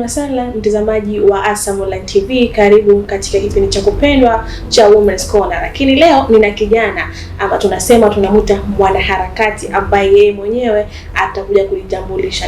wa sala mtazamaji wa Asam Online TV, karibu katika kipindi cha kupendwa cha Women's Corner. Lakini leo nina kijana ama tunasema tunamuita mwanaharakati ambaye yeye mwenyewe atakuja kujitambulisha,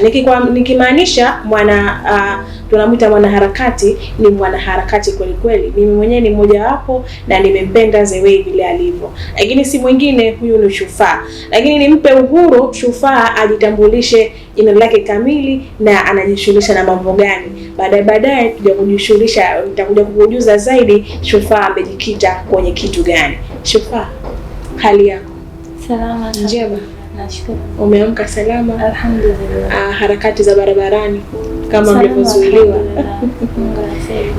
nikimaanisha mwana uh, tunamwita mwanaharakati, ni mwanaharakati kweli kweli. Mimi mwenyewe ni mmoja wapo na nimempenda zewei vile alivyo, lakini si mwingine huyu ni Shufaa. Lakini nimpe uhuru Shufaa ajitambulishe jina lake kamili na anajishughulisha na mambo gani. Baadaye baadaye tuja kujishughulisha, nitakuja kukujuza zaidi Shufaa amejikita kwenye kitu gani. Shufaa, hali yako salama? Njema. Nashukuru. Umeamka salama? Alhamdulillah. Ah, harakati za barabarani kama mlivyozuiliwa.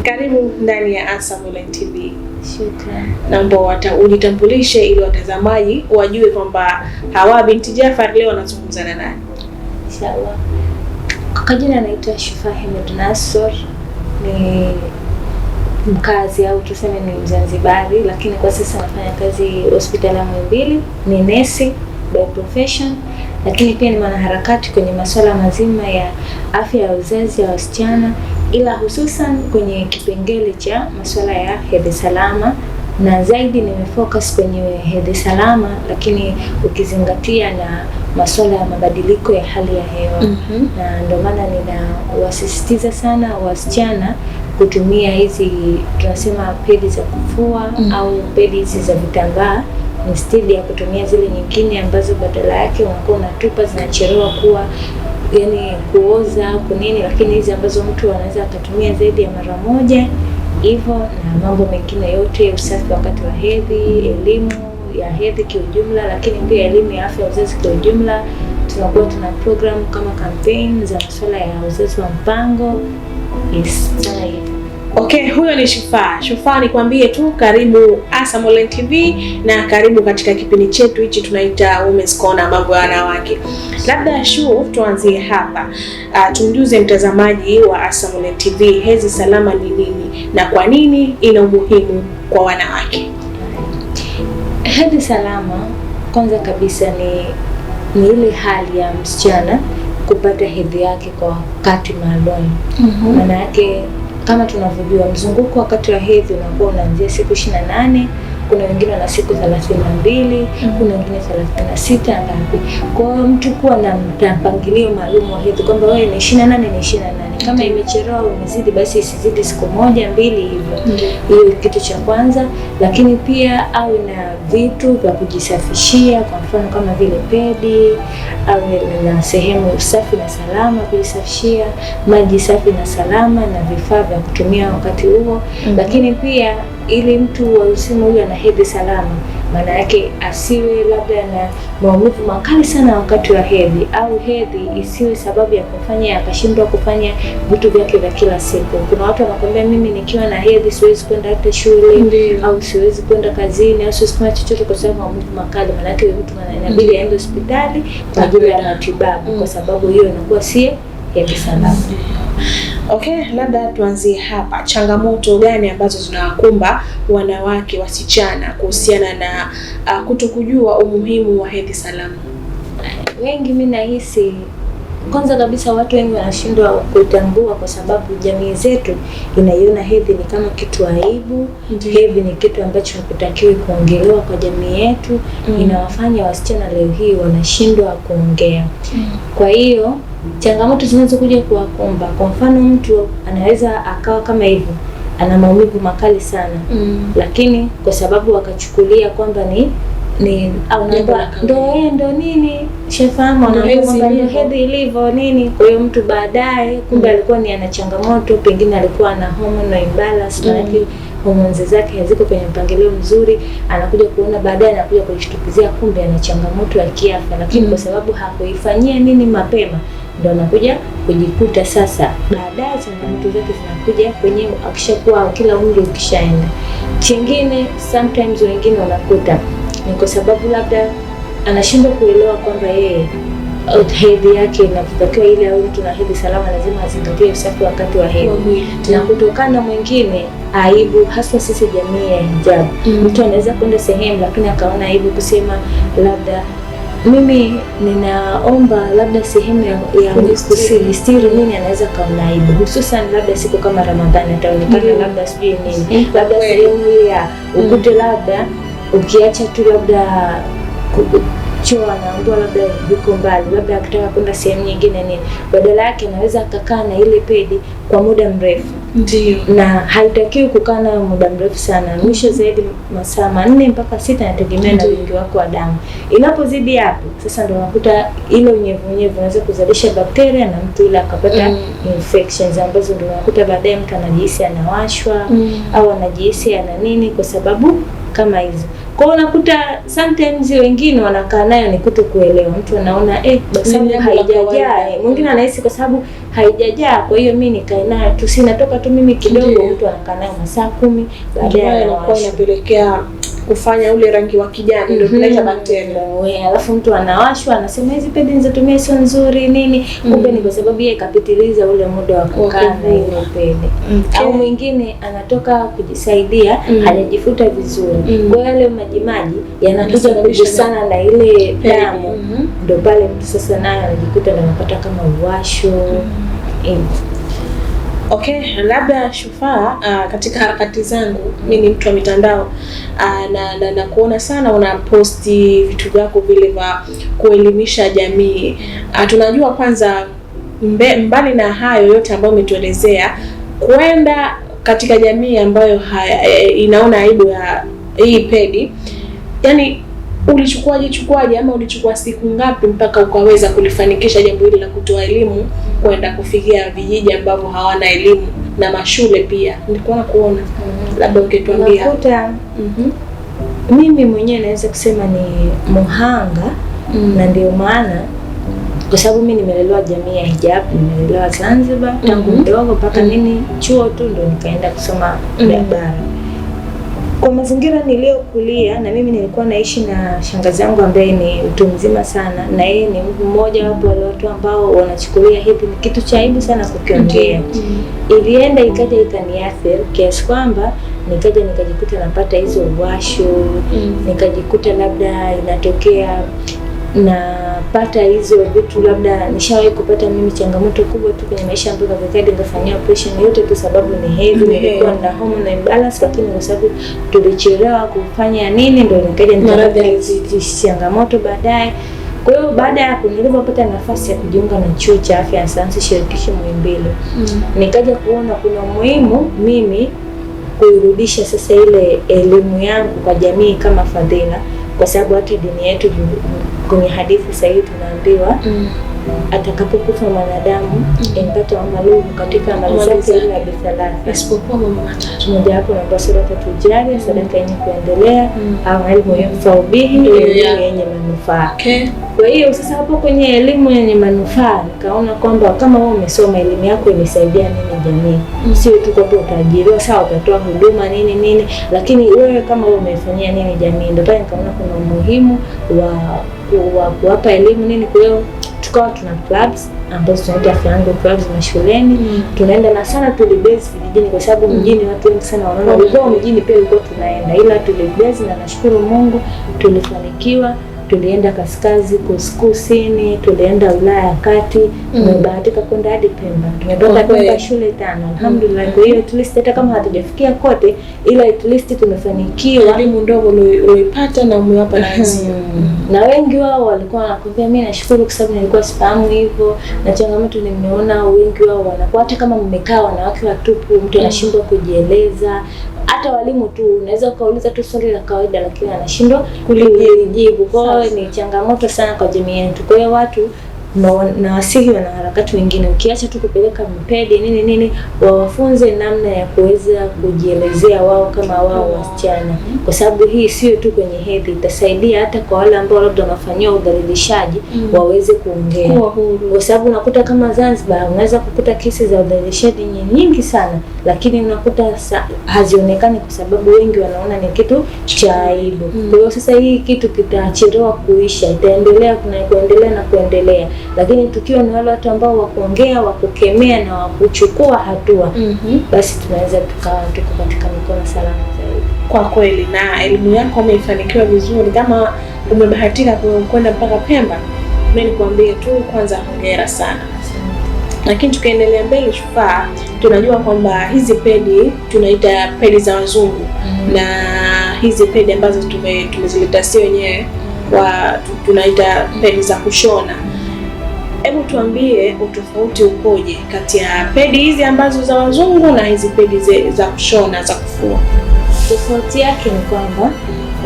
Karibu ndani ya ASAM Online TV. Shukrani. Naomba wata ujitambulishe ili watazamaji wajue kwamba Hawa binti Jafar leo wanazungumza na nani. Inshallah. Kwa jina naitwa Shifa Ahmed Nasor, ni mkazi au tuseme ni Mzanzibari, lakini kwa sasa nafanya kazi hospitali ya Muhimbili, ni nesi by profession, lakini pia ni mwanaharakati kwenye masuala mazima ya afya ya uzazi ya wasichana, ila hususan kwenye kipengele cha masuala ya hedhi salama na zaidi nimefocus kwenye hedhi salama, lakini ukizingatia na masuala ya mabadiliko ya hali ya hewa mm -hmm. Na ndio maana ninawasisitiza sana wasichana kutumia hizi tunasema pedi za kufua mm -hmm. au pedi hizi za vitambaa instead ya kutumia zile nyingine ambazo badala yake unakuwa unatupa zinachelewa kuwa yani kuoza au kunini, lakini hizi ambazo mtu anaweza akatumia zaidi ya mara moja hivyo, na mambo mengine yote, usafi wakati wa hedhi, elimu ya hedhi kiujumla, lakini pia elimu ya afya ya uzazi kiujumla. Tunakuwa tuna program kama campaign za masuala ya uzazi wa mpango yes. Okay, huyo ni Shufaa. Shufaa, nikwambie tu karibu Asam Online TV na karibu katika kipindi chetu hichi tunaita Women's Corner, mambo ya wanawake. Labda shuu tuanzie hapa. Uh, tumjuze mtazamaji wa Asam Online TV hedhi salama ni nini na kwa nini ina umuhimu kwa wanawake? Hedhi salama kwanza kabisa ni ni ile hali ya msichana kupata hedhi yake kwa wakati maalum. Mhm. Maana yake kama tunavyojua mzunguko wakati wa hedhi unakuwa unaanzia siku ishirini na nane kuna wengine wana siku thelathini na mbili kuna wengine thelathini na sita ngapi. Kwa hiyo mtu kuwa na mpangilio maalum wa hedhi kwamba wewe ni ishirini na nane ni ishirini na nane kama imechelewa umezidi, basi isizidi siku moja mbili hivyo. Mm. Hiyo kitu cha kwanza, lakini pia awe na vitu vya kujisafishia, kwa mfano kama vile pedi, awe na sehemu safi na salama kujisafishia, maji safi na salama, na vifaa vya kutumia wakati huo mm Lakini pia ili mtu wa usimu huyu ana hedhi salama maana yake asiwe labda na maumivu makali sana wakati wa hedhi, au hedhi isiwe sababu ya kufanya akashindwa kufanya vitu vyake vya kila siku. Kuna watu wanakwambia, mimi nikiwa na hedhi siwezi kwenda hata shule Ndiyo. au siwezi kwenda kazini au siwezi kufanya chochote kwa sababu maumivu makali. Maana yake mtu anabidi aende hospitali kwa ajili ya matibabu, kwa mm. sababu hiyo inakuwa si hedhi salama. Okay, labda tuanzie hapa. Changamoto gani ambazo zinawakumba wanawake wasichana kuhusiana na uh, kutokujua umuhimu wa hedhi salama? Wengi mimi nahisi kwanza kabisa watu wengi wanashindwa kutambua, kwa sababu jamii zetu inaiona hedhi ni kama kitu aibu. Hedhi ni kitu ambacho hakitakiwi kuongelewa kwa jamii yetu. mm -hmm. Inawafanya wasichana leo hii wanashindwa kuongea. mm -hmm. Kwa hiyo changamoto zinazokuja kuwakumba. Kwa mfano, mtu anaweza akawa kama hivyo, ana maumivu makali sana mm. lakini kwa sababu wakachukulia kwamba ni ni au naomba ndo yeye ndo nini shafahamu anaomba ndo hedhi ilivyo nini. Kwa hiyo mtu baadaye kumbe mm. alikuwa ni ana changamoto, pengine alikuwa ana hormone imbalance mm. baadhi homoni zake haziko kwenye mpangilio mzuri, anakuja kuona baadaye, anakuja kujishtukizia kumbe ana changamoto ya kiafya, lakini mm. kwa sababu hakuifanyia nini mapema ndo anakuja kujikuta sasa, baadaye changamoto zake zinakuja kwenyewe akishakuwa kila umri ukishaenda. Chingine sometimes wengine wanakuta ni kwa sababu labda anashindwa kuelewa kwamba yeye uh, hedhi yake inavyotakiwa ile au mtu na hedhi salama lazima azingatie usafi wakati wa hedhi. Mm -hmm. Na kutokana mwingine aibu, hasa sisi jamii ya hijabu. Mm -hmm. Mtu anaweza kwenda sehemu lakini akaona aibu kusema labda mimi ninaomba labda sehemu ya kustiri nini anaweza kaunaibu, hususan labda siku kama Ramadhani ataonekana labda sijui nini, labda sehemu ya ukute, mm. labda ukiacha tu labda choo anaambiwa labda yuko mbali, labda akitaka kwenda sehemu nyingine nini, badala yake anaweza akakaa na ile pedi kwa muda mrefu. Ndiyo. na haitakiwi kukaa nayo muda mrefu sana, mwisho zaidi masaa manne mpaka sita, inategemea na wingi wako wa damu. Inapozidi hapo sasa, ndo unakuta ile unyevu unyevu unaweza kuzalisha bakteria na mtu ile akapata mm. infections ambazo ndo unakuta baadaye mtu anajihisi anawashwa mm. au anajihisi ana nini kwa sababu kama hizo Kwa hiyo unakuta sometimes wengine wanakaa nayo ni kuto kuelewa. Mtu anaona eh, kwa sababu haijajaa. Mwingine anahisi kwa sababu haijajaa, kwa hiyo mimi nikae nayo tu, si natoka tu mimi kidogo, mtu anakaa nayo masaa kumi, baadaye inapelekea kufanya ule rangi wa kijani ndio tunaita mhm. bakteria. Oh, alafu mtu anawashwa anasema hizi pedi nizotumia sio nzuri nini, mm. kumbe ni kwa sababu yeye ikapitiliza ule muda wa kukaa ile pedi. Mm. Au mwingine anatoka kujisaidia mm. hajajifuta vizuri, kwa hiyo yale maji maji yanakuja kugusana na ile damu, mm-hmm. ndio pale mtu sasa naye anajikuta anapata kama uwasho. Okay, labda Shufaa, uh, katika harakati zangu mi ni mtu wa mitandao uh, na, na, na kuona sana unaposti vitu vyako vile vya kuelimisha jamii uh, tunajua kwanza mbe, mbali na hayo yote ambayo umetuelezea kwenda katika jamii ambayo haya, eh, inaona aibu ya hii pedi, yani ulichukuaje chukuaje, ama ulichukua siku ngapi mpaka ukaweza kulifanikisha jambo hili la kutoa elimu kwenda kufikia vijiji ambavyo hawana elimu na mashule pia? Nilikuwa na kuona mm -hmm. labda ungetuambia. nakuta mm -hmm. mimi mwenyewe naweza kusema ni muhanga mm. na ndio maana kwa sababu mi nimelelewa jamii ya hijab, nimelelewa Zanzibar tangu mm-hmm. mdogo mm -hmm. mpaka nini mm-hmm. chuo tu ndo nikaenda kusoma mm mm-hmm. -hmm. barabara kwa mazingira niliyokulia na mimi nilikuwa naishi na shangazi yangu ambaye ni mtu mzima sana, na yeye ni mmoja wapo wale watu ambao wanachukulia hivi ni kitu cha aibu sana kukiongea. Mm-hmm. Mm-hmm. Ilienda ikaja ikaniathiri kiasi kwamba nikaja nikajikuta napata hizo -hmm. nikajikuta labda inatokea na kupata hizo vitu, labda nishawahi kupata mimi changamoto kubwa tu kwenye maisha ambayo kwa kweli ningefanyia operation yote kwa sababu ni heavy, nilikuwa na hormone imbalance, lakini kwa sababu tulichelewa kufanya nini, ndio nikaja nikapata hizi changamoto baadaye. Kwa hiyo baada ya hapo nilipopata nafasi ya kujiunga na chuo cha afya ya sayansi shirikishi Muhimbili, mm. nikaja kuona kuna umuhimu mimi kuirudisha sasa ile elimu yangu kwa jamii kama fadhila kwa sababu hata dini yetu kwenye hadithi sahihi tunaambiwa mm. atakapokufa mwanadamu impata mm. amaluhu katika amali zake ila bithalatha, isipokuwa mambo matatu, mojawapo namba sadakatu jariya, sadaka yenye kuendelea, mm. au ilmu yanfau bihi, elimu yenye manufaa. Kwa hiyo sasa, hapo kwenye elimu yenye manufaa, nikaona kwamba kama wewe umesoma elimu yako inisaidia nini jamii, mm. sio tu kwamba utaajiriwa sawa, utatoa huduma nini nini, lakini wewe kama wewe umefanyia nini jamii. Ndio pale nikaona kuna umuhimu wa kuwapa elimu nini. Kwa hiyo tukawa tuna clubs ambazo tunaita Afyango clubs mashuleni, mm. tunaenda na sana tulibase vijijini, kwa sababu mm. mjini watu wengi sana wanaona, mm. mjini pia tulikuwa tunaenda, ila tulibase na nashukuru Mungu tulifanikiwa tulienda kaskazi, kusini, tulienda wilaya ya kati, mm. tumebahatika mm. kwenda hadi Pemba. Tumetoka okay. Pemba shule tano, mm. alhamdulillah. Kwa hiyo at least hata kama hatujafikia kote, ila at least tumefanikiwa. Elimu ndogo uliipata na umewapa nazi mm. na wengi wao walikuwa wanakwambia, mimi nashukuru kwa sababu nilikuwa sifahamu hivyo, na changamoto nimeona wengi wao wanakuwa, hata kama mmekaa wanawake watupu, mtu anashindwa kujieleza hata walimu tu unaweza ukauliza tu swali la kawaida, lakini anashindwa kulijibu. Kwa hiyo ni changamoto sana kwa jamii yetu. Kwa hiyo watu na wasihi wanaharakati wengine, ukiacha tu kupeleka mpedi nini nini, wawafunze namna ya kuweza kujielezea wao kama wao wasichana, kwa sababu hii sio tu kwenye hedhi, itasaidia hata kwa wale ambao labda wanafanyiwa udhalilishaji mm. waweze kuongea, kwa sababu unakuta kama Zanzibar unaweza kukuta kesi za udhalilishaji nyingi sana, lakini unakuta hazionekani kwa sababu wengi wanaona ni kitu cha aibu. Mm. Kwa hiyo mm. sasa hii kitu kitachelewa kuisha, itaendelea kuna kuendelea na kuendelea lakini tukiwa na wale watu ambao wakuongea, wakukemea na wakuchukua hatua mm -hmm. basi tunaweza tukawa tuko katika mikono salama zaidi. Kwa kweli, na elimu yako umeifanikiwa vizuri, kama umebahatika kwenda mpaka Pemba, mimi nikwambie tu kwanza hongera sana lakini tukiendelea mbele Shufaa, tunajua kwamba hizi pedi tunaita pedi za wazungu mm -hmm. na hizi pedi ambazo tumezileta tume si wenyewe kwa tunaita pedi za kushona Hebu tuambie utofauti ukoje kati ya pedi hizi ambazo za wazungu na hizi pedi ze, za kushona za kufua? Tofauti yake ni kwamba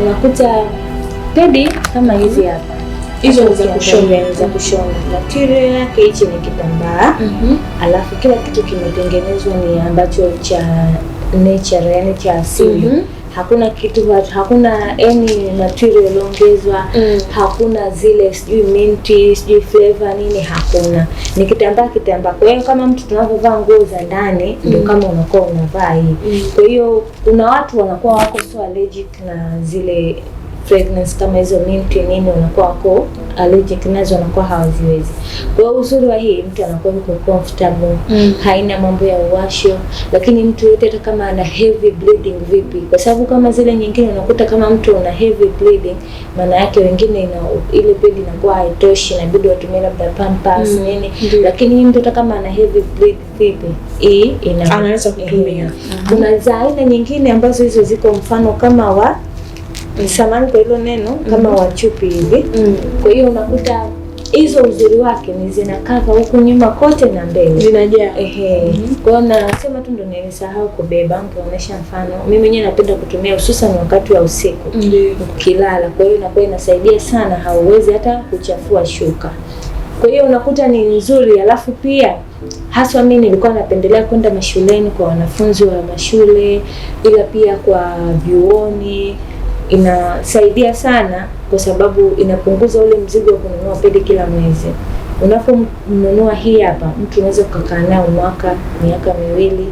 unakuta pedi kama hizi mhm. hapa, hizo ni za kushona, za kushona, material yake hichi ni kitambaa mm -hmm. alafu kila kitu kimetengenezwa ni ambacho cha nature, yani cha asili mm -hmm hakuna kitu hakuna any material ongezwa mm. hakuna zile sijui minti sijui flavor nini, hakuna ni kitambaa kitambaa. Kwa hiyo kama mtu tunavyovaa nguo za ndani ndio mm. kama unakuwa unavaa hii mm. kwa hiyo kuna watu wanakuwa wako so allergic na zile pregnancy kama hizo minti nini, unakuwa wako allergic nazo, wanakuwa hawaziwezi. Kwa hiyo uzuri wa hii mtu anakuwa yuko comfortable mm. haina mambo ya uwasho, lakini mtu yote hata kama ana heavy bleeding vipi, kwa sababu kama zile nyingine unakuta kama mtu una heavy bleeding, maana yake wengine ina ile pedi inakuwa haitoshi, inabidi watumie labda pampers mm. nini mm. lakini mtu hata kama ana heavy bleed vipi, hii ina anaweza kutumia. Eh, eh. Kuna za aina nyingine ambazo hizo ziko mfano kama wa mm. samani kwa hilo neno mm-hmm. kama mm. wachupi hivi mm. kwa hiyo unakuta hizo uzuri wake ni zinakava huku nyuma kote na mbele zinajaa. Ehe, mm -hmm. Kwa nasema tu ndo nilisahau kubeba, nikaonesha mfano. Mimi mwenyewe napenda kutumia hususan wakati wa usiku mm ukilala, kwa hiyo inakuwa inasaidia sana, hauwezi hata kuchafua shuka, kwa hiyo unakuta ni nzuri. Alafu pia haswa mimi nilikuwa napendelea kwenda mashuleni kwa wanafunzi wa mashule, ila pia kwa vyuoni inasaidia sana kwa sababu inapunguza ule mzigo wa kununua pedi kila mwezi. Unaponunua hii hapa, mtu unaweza kukaa nayo mwaka, miaka miwili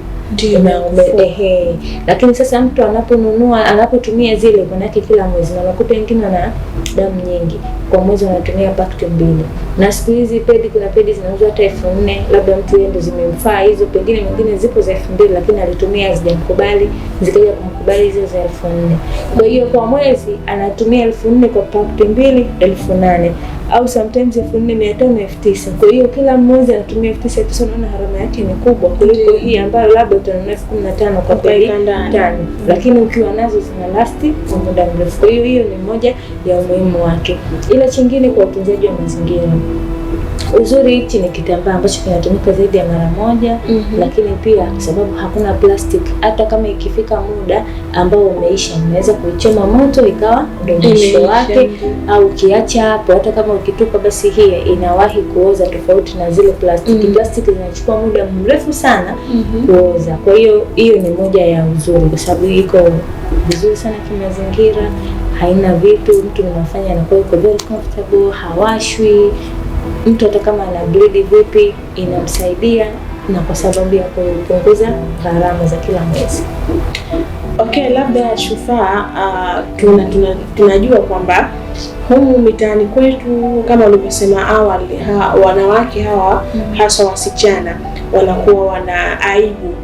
ehe. Lakini sasa mtu anaponunua, anapotumia zile, manake kila mwezi, na unakuta wengine wana damu nyingi kwa mwezi wanatumia pakti mbili, na siku hizi pedi, kuna pedi zinauzwa hata elfu nne labda mtu yeye ndo zimemfaa hizo, pengine mwingine zipo za elfu mbili lakini alitumia hazijamkubali, zikaja kumkubali hizo za elfu nne Kwa hiyo kwa mwezi anatumia elfu nne kwa pakti mbili, elfu nane au sometimes elfu nne mia tano elfu tisa Kwa hiyo kila mmoja anatumia elfu tisa elfu tisa Unaona gharama yake ni kubwa kuliko hii ambayo labda utanunua elfu kumi na tano kwa pedi tano, lakini ukiwa nazo zina lasti kwa muda mrefu. Kwa hiyo hiyo ni moja ya umuhimu wake ila chingine kwa utunzaji wa mazingira uzuri hichi ni kitambaa ambacho kinatumika zaidi ya mara moja mm -hmm. Lakini pia kwa sababu hakuna plastic, hata kama ikifika muda ambao umeisha, unaweza kuichoma moto ikawa ndio mwisho wake, au ukiacha hapo, hata kama ukitupa, basi hii inawahi kuoza, tofauti na zile plastic mm -hmm. Plastic zinachukua muda mrefu sana mm -hmm. kuoza. Kwa hiyo hiyo ni moja ya uzuri, kwa sababu iko vizuri sana kimazingira haina vitu, mtu unafanya anakuwa yuko very comfortable, hawashwi. Mtu hata kama ana bleed vipi inamsaidia, na kwa sababu ya kupunguza gharama za kila mwezi. Okay, labda Shufaa, uh, tuna, tuna, tunajua kwamba humu mitaani kwetu kama ulivyosema awali ha, wanawake hawa mm-hmm. hasa wasichana wanakuwa wana aibu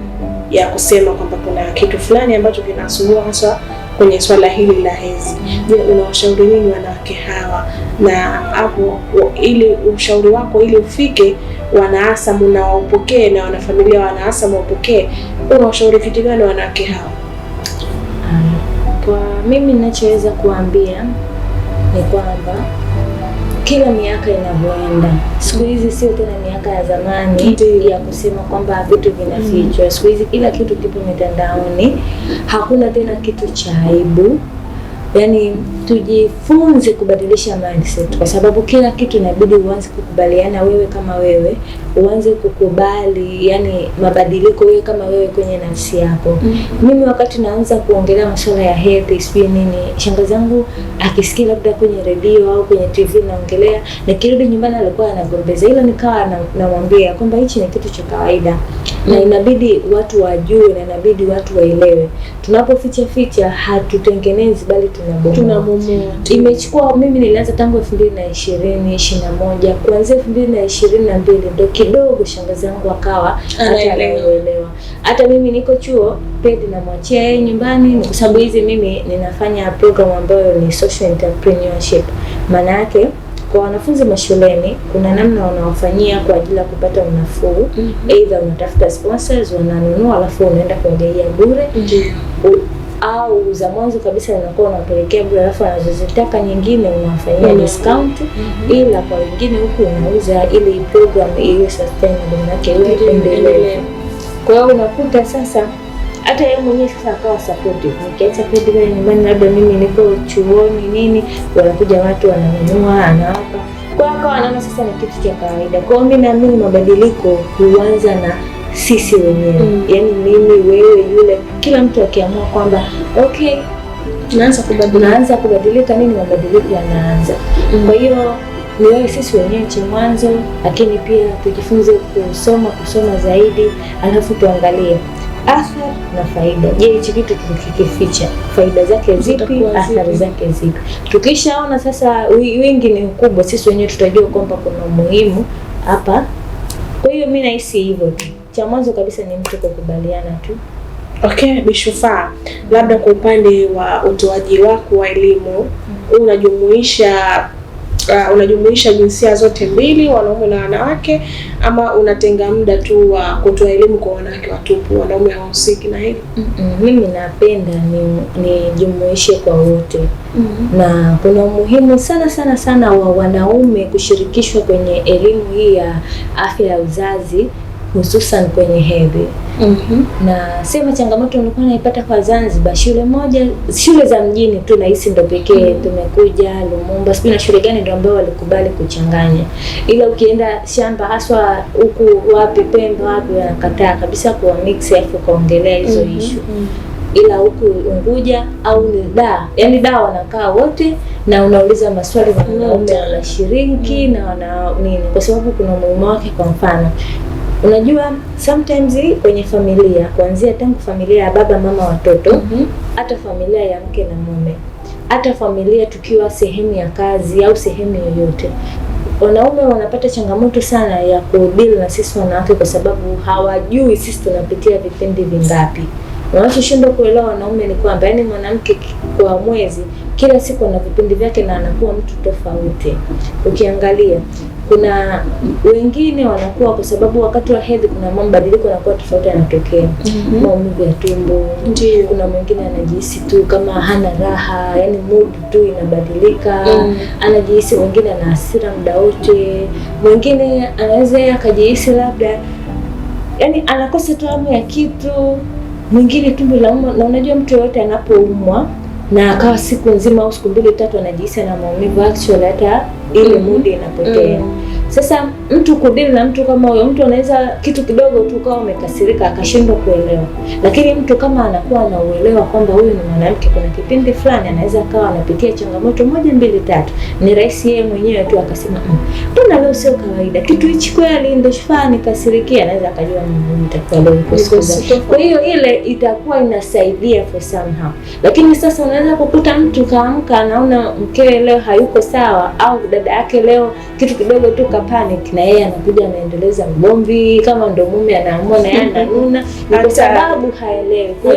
ya kusema kwamba kuna kitu fulani ambacho kinasumbua hasa kwenye swala hili la hedhi. Je, unawashauri nini wanawake hawa? Na hapo ili ushauri wako ili ufike wanaasam na waupokee na wanafamilia wanaasam waupokee, unawashauri kitu gani wanawake hawa? Um, kwa mimi ninachoweza kuambia ni kwamba kila miaka inavyoenda, siku hizi sio tena miaka ya zamani ya kusema kwamba vitu vinafichwa. Mm. Siku hizi kila kitu kipo mitandaoni, hakuna tena kitu cha aibu yani tujifunze kubadilisha mindset, kwa sababu kila kitu inabidi uanze kukubaliana wewe kama wewe, uanze kukubali yani mabadiliko wewe kama wewe kwenye nafsi yako. mm -hmm. Mimi wakati naanza kuongelea masuala ya health sijui nini, shanga zangu akisikia labda kwenye redio au kwenye TV naongelea, nikirudi nyumbani alikuwa anagombeza ila nikawa namwambia na kwamba hichi ni kitu cha kawaida na mm-hmm. inabidi watu wajue na inabidi watu waelewe. Tunapoficha ficha hatutengenezi bali tu tunabomoa. Imechukua mimi nilianza tangu elfu mbili na ishirini ishirini na moja kuanzia elfu mbili na ishirini na mbili ndo kidogo shangazi yangu akawa anaelewa. Hata mimi niko chuo pedi namwachia yeye nyumbani, kwa sababu hizi mimi ninafanya program ambayo ni social entrepreneurship, maana yake kwa wanafunzi mashuleni kuna namna wanaofanyia kwa ajili ya kupata unafuu. mm -hmm. Either unatafuta sponsors wananunua, alafu unaenda kuendelea bure. mm -hmm au za mwanzo kabisa zinakuwa unampelekea bure, alafu anazozitaka nyingine unafanyia mm-hmm. discount mm -hmm. ila kwa wengine huku unauza ili program iwe sustainable na iwe endelevu. Kwa hiyo unakuta sasa hata yeye mwenyewe sasa akawa supportive, nikiacha kwenda kwa nyumbani, labda mimi niko chuoni nini, wanakuja watu wananunua, anawapa kwa akawa anaona sasa ni kitu cha kawaida. Kwa hiyo mimi naamini mabadiliko huanza na sisi wenyewe mm. Yani mimi, wewe, yule, kila mtu akiamua kwamba okay, tunaanza kubadilika, naanza kubadilika nini, mabadiliko yanaanza mm. Kwa hiyo ni wewe sisi wenyewe cha mwanzo, lakini pia tujifunze kusoma, kusoma zaidi, alafu tuangalie athari na faida. Je, hichi kitu tukikificha faida zake zipi? Athari zake zipi? Tukishaona sasa wingi ni ukubwa, sisi wenyewe tutajua kwamba kuna umuhimu hapa. Kwa hiyo mi nahisi hivyo tu. Cha mwanzo kabisa ni mtu kukubaliana tu. Okay, Bishufaa, Labda kwa upande wa utoaji wako wa elimu mm-hmm. unajumuisha uh, unajumuisha jinsia zote mbili, wanaume na wanawake, ama unatenga muda tu wa kutoa elimu kwa wanawake watupu, wanaume hawahusiki na hili? mm -mm, mimi napenda nijumuishe ni kwa wote mm -hmm. na kuna umuhimu sana sana sana wa wanaume kushirikishwa kwenye elimu hii ya afya ya uzazi hususan kwenye hedhi mm -hmm. na sema changamoto nilikuwa naipata kwa Zanzibar, shule moja, shule za mjini tu nahisi ndo pekee mm -hmm. tumekuja Lumumba, sijui na shule gani ndo ambao walikubali kuchanganya, ila ukienda shamba haswa huku wapi Pemba wapi wanakataa kabisa kuwa mix alafu kaongelea hizo mm -hmm. ishu mm -hmm ila huku Unguja au ni daa, yani daa wanakaa wote na unauliza maswali wanaume wanashiriki na wana nini, kwa sababu kuna umuhimu wake. Kwa mfano Unajua, sometimes kwenye familia kuanzia tangu familia ya baba mama watoto mhm. hata mm -hmm. familia ya mke na mume hata familia tukiwa sehemu ya kazi au sehemu yoyote, wanaume wanapata changamoto sana ya kudili na sisi wanawake, kwa sababu hawajui sisi tunapitia vipindi vingapi. Wanachoshindwa kuelewa wanaume ni kwamba yani mwanamke kwa mwezi kila siku ana vipindi vyake na anakuwa mtu tofauti. Ukiangalia kuna wengine wanakuwa kwa sababu wakati wa hedhi kuna mabadiliko yanakuwa tofauti yanatokea, mm -hmm. maumivu ya tumbo. Ndiyo. Kuna mwingine anajihisi tu kama hana raha, yani mood tu inabadilika mm. Anajihisi mwingine ana hasira muda wote, mwingine anaweza akajihisi labda yani anakosa tu hamu ya kitu, mwingine tumbo linauma, na unajua mtu yoyote anapoumwa na akawa siku nzima au siku mbili tatu anajihisi ana maumivu actually, hata ile mudi mm-hmm. inapotea. Mm-hmm. Sasa mtu kudili na mtu kama huyo, mtu anaweza kitu kidogo tu ukawa umekasirika akashindwa kuelewa, lakini mtu kama anakuwa anauelewa kwamba huyu ni mwanamke, kuna kipindi fulani anaweza akawa anapitia changamoto moja mbili tatu, ni rahisi yeye mwenyewe tu akasema mm, mbona leo sio kawaida kitu hichi kweli, ndio shufaa nikasirikia, naweza akajua Mungu nitakuwa leo Kwa hiyo ile itakuwa inasaidia for somehow, lakini sasa unaweza kukuta mtu kaamka anaona mkewe leo hayuko sawa au dada yake leo kitu kidogo tu ka panic, na yeye anakuja anaendeleza mgomvi, kama ndo mume anaamua na yeye ananuna, kwa sababu haelewi. Kwa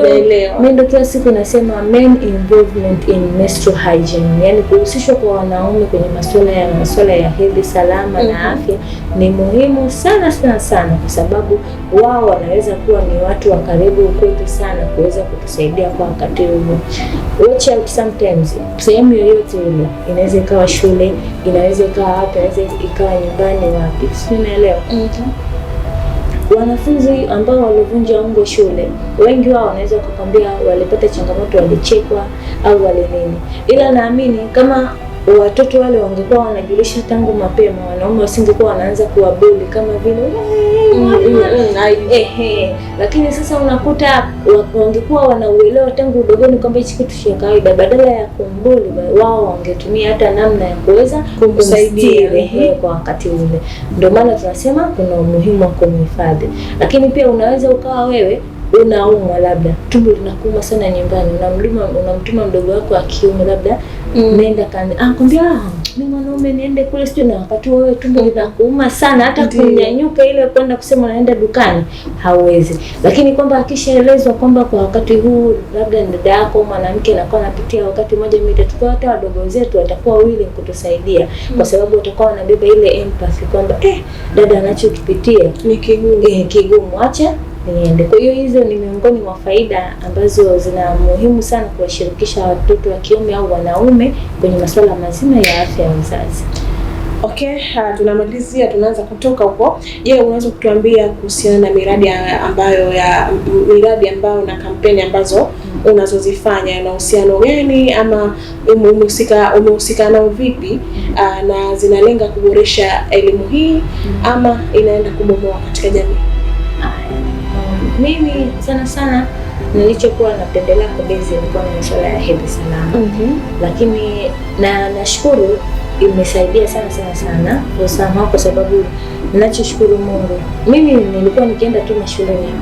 Mimi ndo kila siku nasema men involvement in menstrual hygiene, yani kuhusishwa kwa wanaume kwenye masuala ya masuala ya hedhi salama mm -hmm. na mm-hmm. afya ni muhimu sana sana sana, kwa sababu wao wanaweza kuwa ni watu wa karibu kwetu sana kuweza kutusaidia kwa wakati huo. Watch out sometimes, sehemu yoyote ile inaweza ikawa shule, inaweza ikawa hapa kazi ikawa nyumbani wapi, si umeelewa? mm -hmm. Wanafunzi ambao walivunja ungo shule, wengi wao wanaweza kukwambia walipata changamoto, walichekwa au wale nini, ila naamini kama watoto wale wangekuwa wanajulisha tangu mapema, wanaume wasingekuwa wanaanza kuwabuli kama vile mm, mm, mm, ehe. Lakini sasa unakuta wangekuwa wanauelewa tangu udogoni kwamba hichi kitu cha kawaida, badala ya kumbuli wao wangetumia hata namna ya kuweza kumsaidia mm-hmm. eh, kwa wakati ule. Ndio maana tunasema kuna umuhimu wa kumhifadhi, lakini pia unaweza ukawa wewe unaumwa, labda tumbo linakuuma sana nyumbani, unamtuma mdogo wako kiume labda mm. Naenda kani akwambia ah, ah, mimi mwanaume niende kule sijui, na wakati wewe tumbo linakuuma sana, hata kunyanyuka ile kwenda kusema naenda dukani hauwezi. Lakini kwamba akishaelezwa kwamba kwa wakati huu labda dada yako mwanamke nakuwa napitia wakati mmoja mmoja, tukao hata wadogo zetu watakuwa willing kutusaidia mm. kwa sababu watakuwa wanabeba ile empathy kwamba eh, dada anachokipitia ni kigumu, eh, kigumu acha niende. Kwa hiyo hizo ni miongoni mwa faida ambazo zina muhimu sana kuwashirikisha watoto wa kiume au wanaume wanaume kwenye masuala mazima ya afya ya uzazi. Okay, ah, tunamalizia, tunaanza kutoka huko. Je, unaweza kutuambia kuhusiana na miradi ambayo ya miradi ambayo na kampeni ambazo unazozifanya na uhusiano gani ama umehusika umehusika nao vipi, ah, na zinalenga kuboresha elimu hii ama inaenda kubomoa katika jamii? Um, mimi sana sana nilichokuwa napendelea kubezi ilikuwa na masuala ya hedhi salama mm -hmm. Lakini na nashukuru imesaidia sana sana sana usalama, kwa sababu nachishukuru Mungu, mimi nilikuwa nikienda tu mashuleni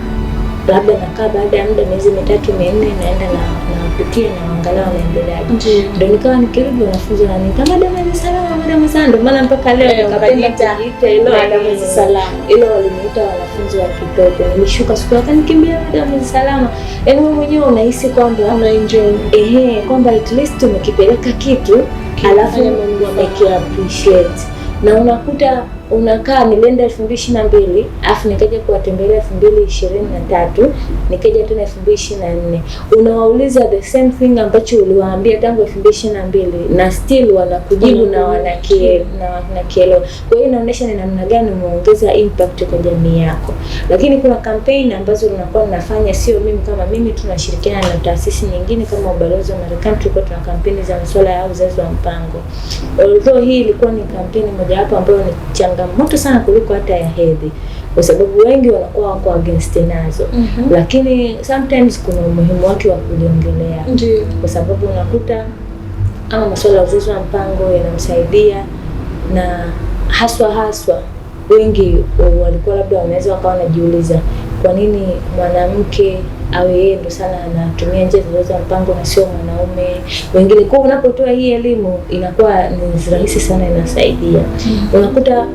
labda nakaa baada ya muda miezi mitatu minne naenda na nipitie na angalau naendeleaje. Ndio nikawa nikirudi wanafunzi wananiita madam Aziza Salama, madam sana, ndio maana mpaka leo eh, nikapenda kuita ile eh, madam Aziza Salama. Ile walimuita wanafunzi wa kitoto, nilishuka siku yake nikimbia madam Aziza Salama. Eh, wewe mwenyewe unahisi kwamba una enjoy eh, kwamba at least umekipeleka kitu alafu Mungu amekiappreciate na unakuta unakaa nilienda elfu mbili ishirini na mbili alafu nikaja kuwatembelea elfu mbili ishirini na tatu nikaja tena elfu mbili ishirini na nne unawauliza the same thing ambacho uliwaambia tangu elfu mbili ishirini na mbili na still wanakujibu na wanakielewa wanakielewa. Kwa hiyo inaonyesha ni namna gani umeongeza impact kwa jamii yako, lakini kuna campaign ambazo unakuwa unafanya, sio mimi kama mimi, tunashirikiana na taasisi nyingine kama ubalozi wa Marekani. Tulikuwa tuna kampeni za masuala ya uzazi wa mpango, although hii ilikuwa ni kampeni mojawapo ambayo ni changa changamoto sana kuliko hata ya hedhi, kwa sababu wengi wanakuwa wako against nazo mm -hmm. Lakini sometimes kuna umuhimu wake wa kuliongelea mm -hmm. Kwa sababu unakuta ama masuala ya uzazi wa mpango yanamsaidia na haswa haswa wengi walikuwa labda wanaweza wakawa wanajiuliza kwa nini mwanamke awe yeye ndo sana anatumia njia za uzazi wa mpango na sio mwanaume wengine. Kwa unapotoa hii elimu inakuwa ni rahisi sana, inasaidia. Mhm. Unakuta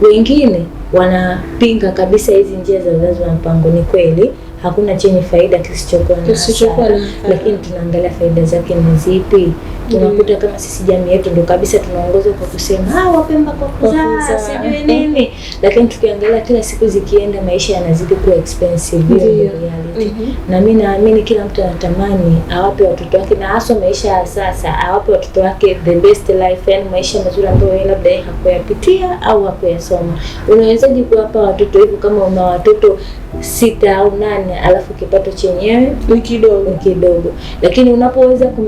wengine wanapinga kabisa hizi njia za uzazi wa mpango. Ni kweli hakuna chenye faida kisichokuwa na hasara, lakini tunaangalia faida zake ni zipi. Tunakuta mm. kama sisi jamii yetu ndo kabisa tunaongozwa kwa kusema ah, Wapemba kwa kuzaa sijui nini, lakini tukiangalia kila siku zikienda, maisha yanazidi kuwa expensive ya reality. Mm-hmm. Na mimi naamini kila mtu anatamani awape watoto wake, na hasa maisha ya sasa, awape watoto wake the best life, yani maisha mazuri ambayo yeye labda hakuyapitia au hakuyasoma. Unawezaje kuwapa watoto hivyo kama una watoto sita au nane, alafu kipato chenyewe ni kidogo kidogo, lakini unapoweza ku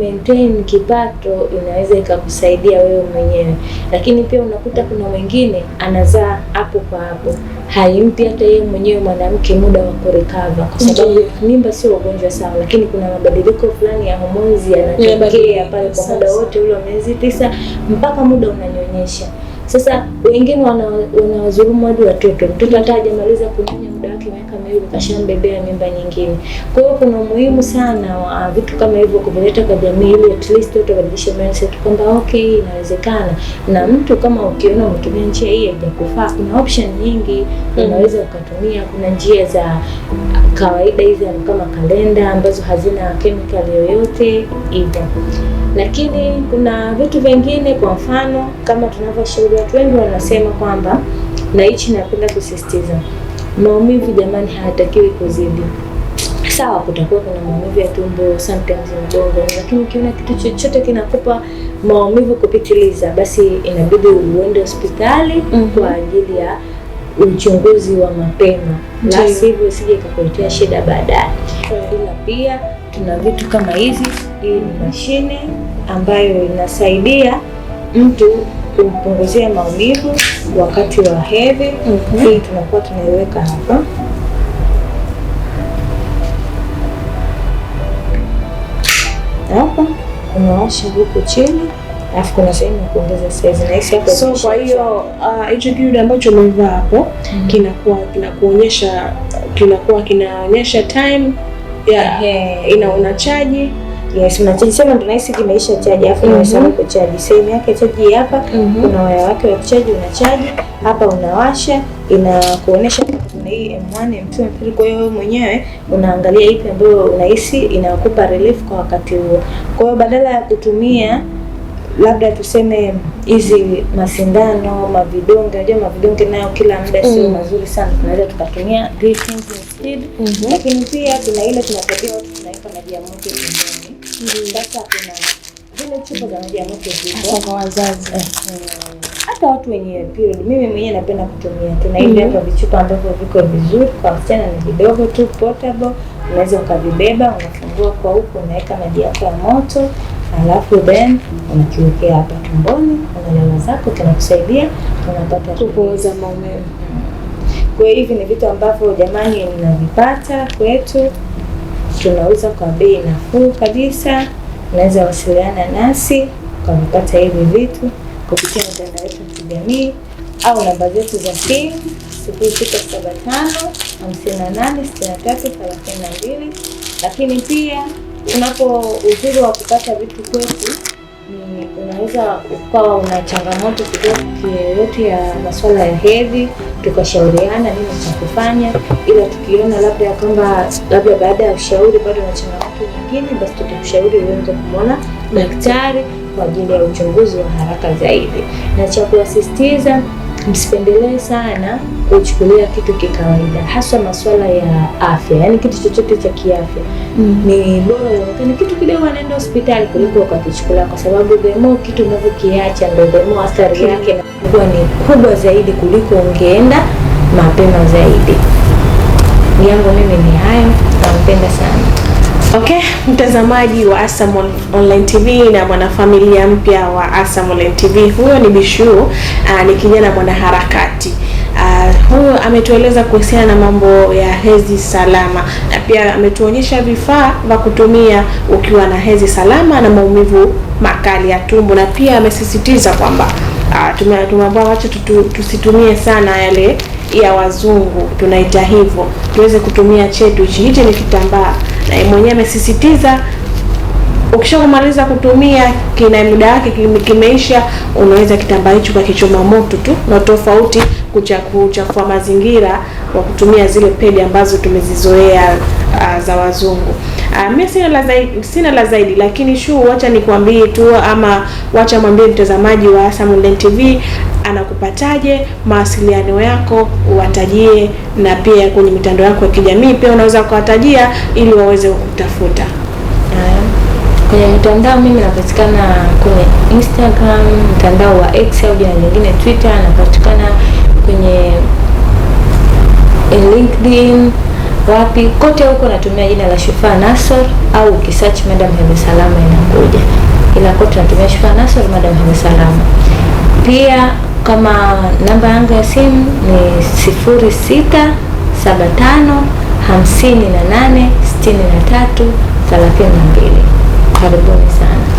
kipato inaweza ikakusaidia wewe mwenyewe. Lakini pia unakuta kuna wengine anazaa hapo kwa hapo, haimpi hata yeye mwenyewe mwanamke muda wa kurecover, kwa sababu mimba sio ugonjwa sawa, lakini kuna mabadiliko fulani ya homoni yanatokea pale kwa muda wote ule wa miezi tisa mpaka muda unanyonyesha. Sasa wengine wana hadi watoto, mtoto hata hajamaliza kunyonya kuishi miaka miwili kashambebea mimba nyingine. Kwa hiyo kuna umuhimu sana wa vitu kama hivyo kuvileta kwa jamii, ili at least watu wabadilishe mindset kwamba okay, inawezekana, na mtu kama ukiona umetumia njia hii haijakufaa, kuna option nyingi mm. unaweza mm -hmm. ukatumia. Kuna njia za kawaida hizi kama kalenda ambazo hazina chemical yoyote hivyo lakini kuna vitu vingine, kwa mfano kama tunavyoshauri watu wengi wanasema kwamba, na hichi napenda kusisitiza Maumivu jamani, hayatakiwi kuzidi. Sawa, kutakuwa kuna maumivu ya tumbo sometimes, mgongo, lakini ukiona kitu chochote kinakupa maumivu kupitiliza, basi inabidi uende hospitali mm -hmm. kwa ajili ya uchunguzi wa mapema, la sivyo isije ikakuletea shida baadaye. Ila pia tuna vitu kama hizi. Hii ni mashine ambayo inasaidia mtu kumpunguzia maumivu wakati wa hedhi. mm -hmm. Hii tunakuwa tunaiweka hapa hapa, unaosha huku chini alafu kuna sehemu ya kuongeza size na hisi hapo. So kwa hiyo uh, hicho uh, kidude ambacho umevaa hapo mm -hmm. kinakuwa kinakuonyesha kinakuwa kinaonyesha time ya yeah. yeah. ina unachaji Yes, na chaji sana ndo nahisi kimeisha chaji, alafu mm -hmm. Nimesahau kuchaji sehemu yake chaji hapa mm -hmm. Kuna waya wake wa kuchaji, unachaji hapa, unawasha, inakuonesha kuna hii M1, M2, M3. Kwa hiyo wewe mwenyewe unaangalia ipi ambayo unahisi inakupa relief kwa wakati huo. Kwa hiyo badala ya kutumia labda tuseme hizi masindano mavidonge, unajua mavidonge nayo kila muda sio mm. mazuri sana, tunaweza tukatumia mhm. lakini pia kuna ile tunapatiwa watu tunaweka maji ya moto sasa kwa wazazi eh. hata watu wenye period. Mimi mwenyewe napenda kutumia, tuna hivi mhm. hapa vichupa ambavyo viko vizuri. Kwa msichana ni vidogo tu portable, unaweza ukavibeba, unafungua kwa huku, unaweka maji yako ya moto alafu then unakiwekea hapa tumboni, unalala zako, kinakusaidia unapata kupoza maumivu. Mm. Kwa hivi ni vitu ambavyo jamani, ninavipata kwetu tunauza kwa bei nafuu kabisa. Unaweza wasiliana nasi kwa kupata hivi vitu kupitia mitandao wetu wa kijamii au namba zetu za simu sifuri sita saba tano hamsini na nane sitini na tatu thelathini na mbili. Lakini pia unapo uzuri wa kupata vitu kwetu unaweza ukawa una changamoto kidogo yoyote ya masuala ya hedhi, tukashauriana nini cha kufanya, ila tukiona labda kwamba labda baada ya ushauri bado na changamoto nyingine, basi tutakushauri uweze kumwona daktari kwa ajili ya uchunguzi wa haraka zaidi, na cha kuwasisitiza msipendelee sana kuchukulia kitu kikawaida, haswa masuala ya afya, yaani kitu chochote cha kiafya mm. Ni bora uonekane kitu kidogo, anaenda hospitali kuliko ukakichukulia, kwa sababu demo kitu unavyokiacha ndio demo athari yake inakuwa ni kubwa zaidi kuliko ungeenda mapema zaidi. Yangu mimi ni hayo, nampenda sana. Okay, mtazamaji wa Asam Online TV na mwanafamilia mpya wa Asam Online TV, huyo ni Bishu, ah, ni kijana mwanaharakati. Uh, ametueleza kuhusiana na mambo ya hedhi salama na pia ametuonyesha vifaa vya kutumia ukiwa na hedhi salama na maumivu makali ya tumbo, na pia amesisitiza kwamba uh, ah, tumeambiwa wacha tusitumie sana yale ya wazungu, tunaita hivyo, tuweze kutumia chetu. Hichi ni kitambaa na yeye mwenyewe amesisitiza Ukishamaliza kutumia kina muda wake kimeisha, unaweza kitambaa hicho kwa kichoma moto tu, na tofauti kuchafua mazingira kwa kutumia zile pedi ambazo tumezizoea uh, za wazungu. Uh, mimi sina la zaidi, sina la zaidi lakini shu, wacha nikwambie tu ama wacha mwambie mtazamaji wa Asam Online TV anakupataje, mawasiliano yako uwatajie, na pia kwenye mitandao yako ya kijamii pia unaweza kuwatajia ili waweze kukutafuta. Kwenye mtandao mimi napatikana kwenye Instagram, mtandao wa X au jina lingine Twitter, napatikana kwenye eh, LinkedIn, wapi kote huko natumia jina la Shufaa Nassor, au ukisearch Madam Hebe Salama inakuja, ila kote natumia Shufaa Nassor Madam Hebe Salama. Pia kama namba yangu ya simu ni sifuri sita saba tano hamsini na nane sitini na tatu thelathini na mbili. have a boy son.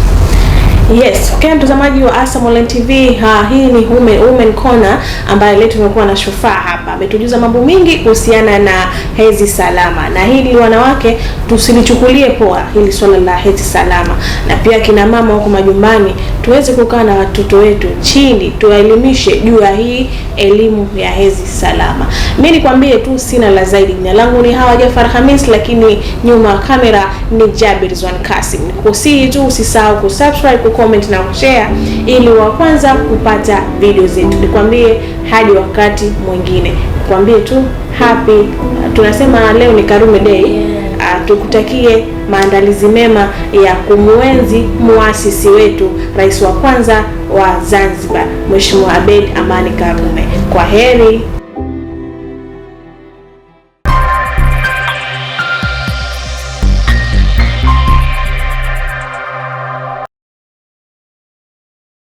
Yes, okay mtazamaji wa Asam Online TV. Ha, hii ni Women, Women Corner ambayo leo tumekuwa na Shufaa hapa. Ametujuza mambo mengi kuhusiana na hedhi salama. Na hili wanawake tusilichukulie poa hili swala la hedhi salama. Na pia kina mama huko majumbani tuweze kukaa na watoto wetu chini tuwaelimishe juu ya hii elimu ya hedhi salama. Mimi nikwambie tu sina la zaidi. Jina langu ni Hawa Jafar Hamis, lakini nyuma kamera ni Jabir Zwan Kasim. Kusii tu usisahau kusubscribe kuko kucomment na kushare ili wa kwanza kupata video zetu. Nikwambie hadi wakati mwingine, nikwambie tu happy, tunasema leo ni Karume Day ah, Tukutakie maandalizi mema ya kumwenzi muasisi wetu rais wa kwanza wa Zanzibar Mheshimiwa Abeid Amani Karume. Kwa heri.